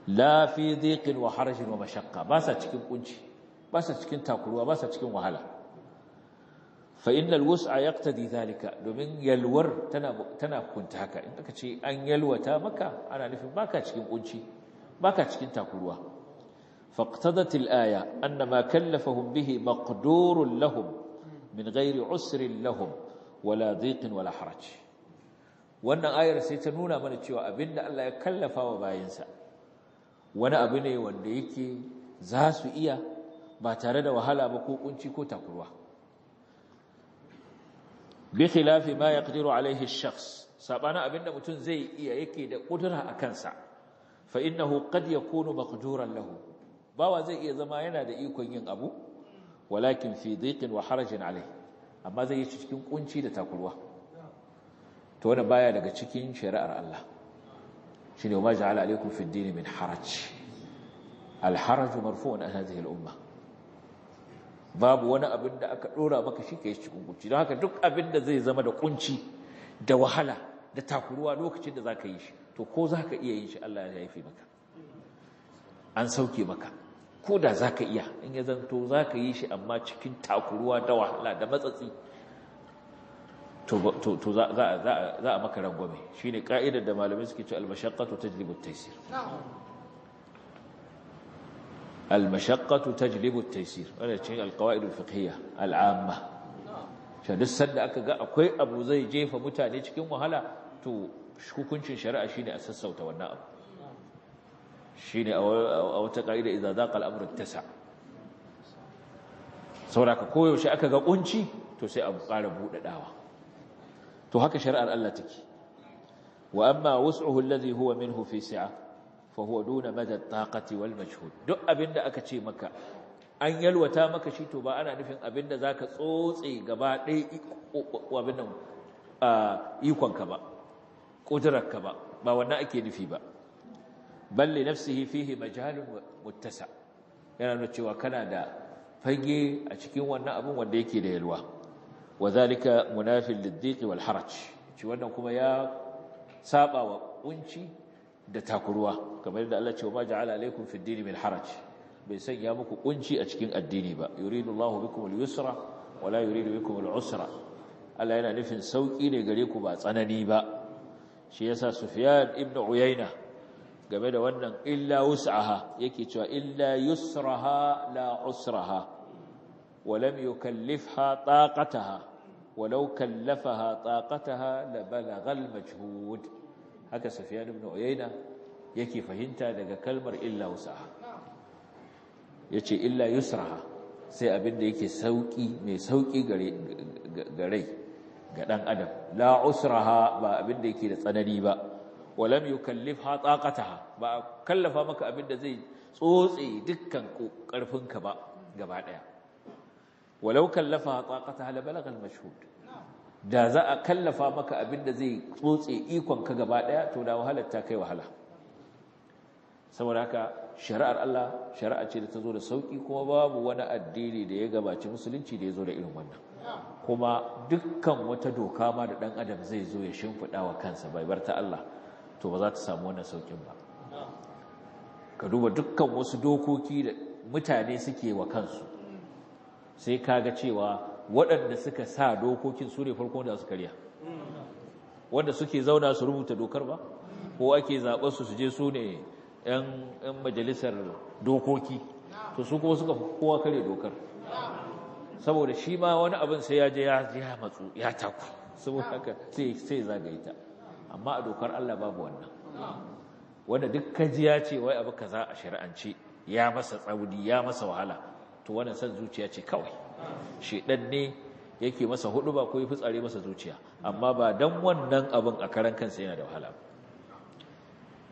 A: la fi dhiqin wa harajin wa mashakka ba sa cikin kunci ba sa cikin takuruwa ba sa cikin wahala fa a ya ta zalika domin yalwar tana tana kunta haka in aka ce an yalwata maka ana nufin baka cikin kunci baka cikin takurwa. فاقتضت الآية أن ما كلفهم به مقدور لهم min gairi عسر لهم wala ضيق wala حرج wannan ayar sai ta nuna mana cewa abinda Allah ya kallafa wa bayansa, wani abu ne wanda yake za su iya ba tare da wahala ba ko kunci ko takurwa bi khilafi ma yaqdiru alaihi ash-shakhs sabana abinda mutum zai iya yake da kudura a kansa fa innahu ya yakunu maqduran lahu bawa zai iya zama yana da ikon yin abu walakin fi dhiqin wa harajin alai amma zai yi cikin kunci da takurwa to wannan baya daga cikin shari'ar Allah shine wa ja'ala alaikum fi dini min haraj al-haraj marfu'un an hadhihi al-umma babu wani abin da aka dora maka shi kai cikin kunci don haka duk abin da zai zama da kunci da wahala da takurwa lokacin da zaka yi shi to ko zaka iya yin shi Allah ya yafe maka an sauke maka ko da za ka iya in ya zanto za ka yi shi amma cikin takuruwa da wahala da matsatsi to za a maka rangwame shi ne ƙa'idar da malamai suke ci almashakatu ta jilibut taisir almashakatu ta jilibut taisir wadda fiqhiyya al'amma shi sanda aka ga akwai abu zai jefa mutane cikin wahala to hukuncin shari'a shi ne a sassauta wannan abu shine a wata kaida idza zaqa al-amru tasa sauraka koyaushe aka ga kunci to sai a ƙara buɗaɗawa to haka shari'ar Allah take wa amma wus'uhu alladhi huwa minhu fi sa'a fa huwa duna madad taqati wal majhud duk abinda aka ce maka an yalwata maka shi to ba ana nufin abinda zaka tsotse gaba ɗaya abin nan ikonka ba ƙudurarka ba ba wannan ake nufi ba Balli li nafsihi fihi majhalun muttasa yana nuna cewa kana da fage a cikin wannan abin wanda yake da yalwa wa zalika munafil liddiqi wal haraj ci wannan kuma ya saba wa kunci da takuruwa kamar yadda Allah ce wa ma ja'ala alaikum fid dini min haraj bai sanya muku kunci a cikin addini ba yuridu Allahu bikum al yusra wa la yuridu bikum al usra Allah yana nufin sauki ne gare ku ba tsanani ba shi yasa Sufyan ibn Uyayna game da wannan illa wus'aha yake cewa illa yusraha la usraha wa lam yukallifha taqataha walau kallafaha taqataha la balagha al majhud haka sufyan ibn uyayna yake fahimta daga kalmar illa wus'aha yace illa yusraha sai abinda yake sauki mai sauki gare gare ga dan adam la usraha ba abinda yake da tsanani ba walam yukallifha taqataha ba kallafa maka abin da zai tsotse dukkan karfinka ba gaba daya walau kallafa taqataha la balagha al-mashhud da za a kallafa maka abin da zai tsotse ikon ka gaba daya to da wahalar ta kai wahala saboda haka shari'ar Allah shari'a ce da ta zo da sauki kuma babu wani addini da ya gabaci musulunci da ya zo da irin wannan kuma dukkan wata doka ma da dan adam zai zo ya shimfida wa kansa bai bar ta Allah to ba za ta samu wannan saukin ba ka duba dukkan wasu dokoki da mutane suke wa kansu sai ka ga cewa waɗanda suka sa dokokin su ne farko da su karya wanda suke zauna su rubuta dokar ba ko ake zaɓar su su je su ne 'yan majalisar dokoki to su kuma suka kowa kare dokar saboda shi ma wani abin sai ya je ya matsu ya taku saboda haka sai zagaye ta amma a dokar Allah babu
C: wannan
A: wanda duk kajiya ce wai abu kaza a shari'ance ya masa tsaudi ya masa wahala to wannan san zuciya ce kawai shedan ne yake masa hudu ba ko ya fitsare masa zuciya amma ba dan wannan abin a karan kansa yana da wahala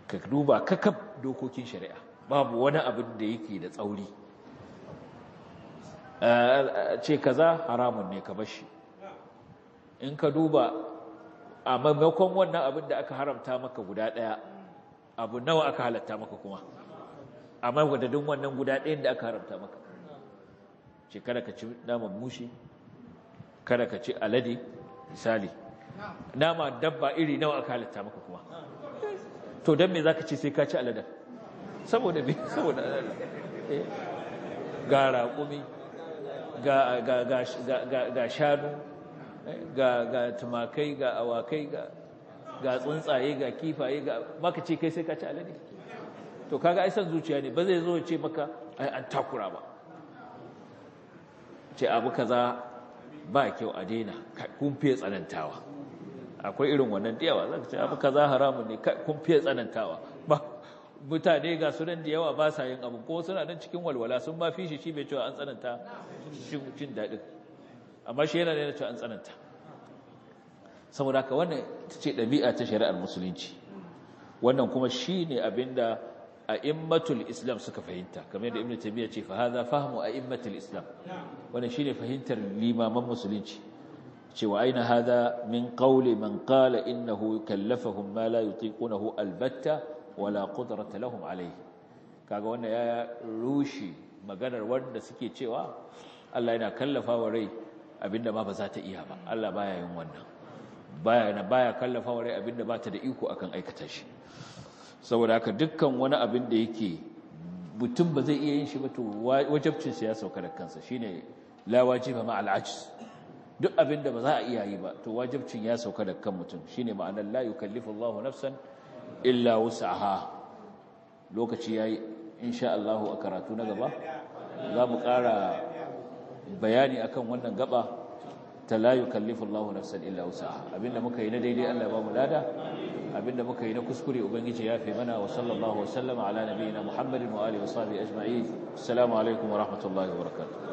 A: ka duba kakab dokokin shari'a babu wani abin da yake da tsauri eh, ce kaza haramun ne ka bar shi in ka duba a maimakon wannan abin da aka haramta maka guda ɗaya abu nawa aka halatta maka kuma a maimakon wannan guda ɗayan da aka haramta maka ce kada ka ci naman mushi kada ka ci alade misali nama dabba iri nawa aka halatta maka kuma to don me za ka ci sai ka ci aladen saboda bi saboda aladen eh. ga raƙumi ga shanu ga tumakai ga awakai ga tsuntsaye ga kifaye ga maka ce kai sai ka ci alade to kaga ai san zuciya ne ba zai zo ce maka ai an takura ba ce abu kaza ba kyau a daina kun fiye tsanantawa akwai irin wannan diyawa za ka ce abu kaza haramun ne kun fiye tsanantawa ba mutane ga sunan da yawa ba sa yin abu ko suna nan cikin walwala sun ma fi shi shi bai cewa an tsananta cin daɗin amma shi yana da cewa an tsananta saboda haka wannan ita ce ɗabi'a ta shari'ar musulunci wannan kuma shi ne abinda a'immatul islam suka fahimta kamar yadda ibnu taymiya ce fa hadha fahmu a'immatul islam wannan shine fahimtar limaman musulunci cewa aina haza min qawli man qala innahu kallafahum ma la yutiqunahu albatta wala qudrata lahum alayhi kaga wannan ya rushe maganar wanda suke cewa Allah yana kallafa wa rai abinda ma ba za ta iya ba Allah baya yin wannan baya kallafawa baya kallafa wa rai abinda ba ta da iko akan aikata shi saboda haka dukkan wani abin da yake mutum ba zai iya yin shi ba to wajabcin ya sauka da kansa shine la wajiba ma al ajz duk abin da ba za a iya yi ba to wajibcin ya sauka da kan mutum shine ma'anar la yukallifu Allahu nafsan illa wus'aha lokaci yayi insha Allah a karatu na gaba za mu ƙara bayani akan wannan gaba ta layu yukallifu Allahu nafsan illa wus'aha abinda muka yi na daidai Allah ba mu lada abinda muka yi na kuskure ubangiji ya fi mana wa sallallahu wa ala nabiyyina Muhammadin wa alihi wa sahbihi ajma'in assalamu alaikum wa rahmatullahi wa barakatuh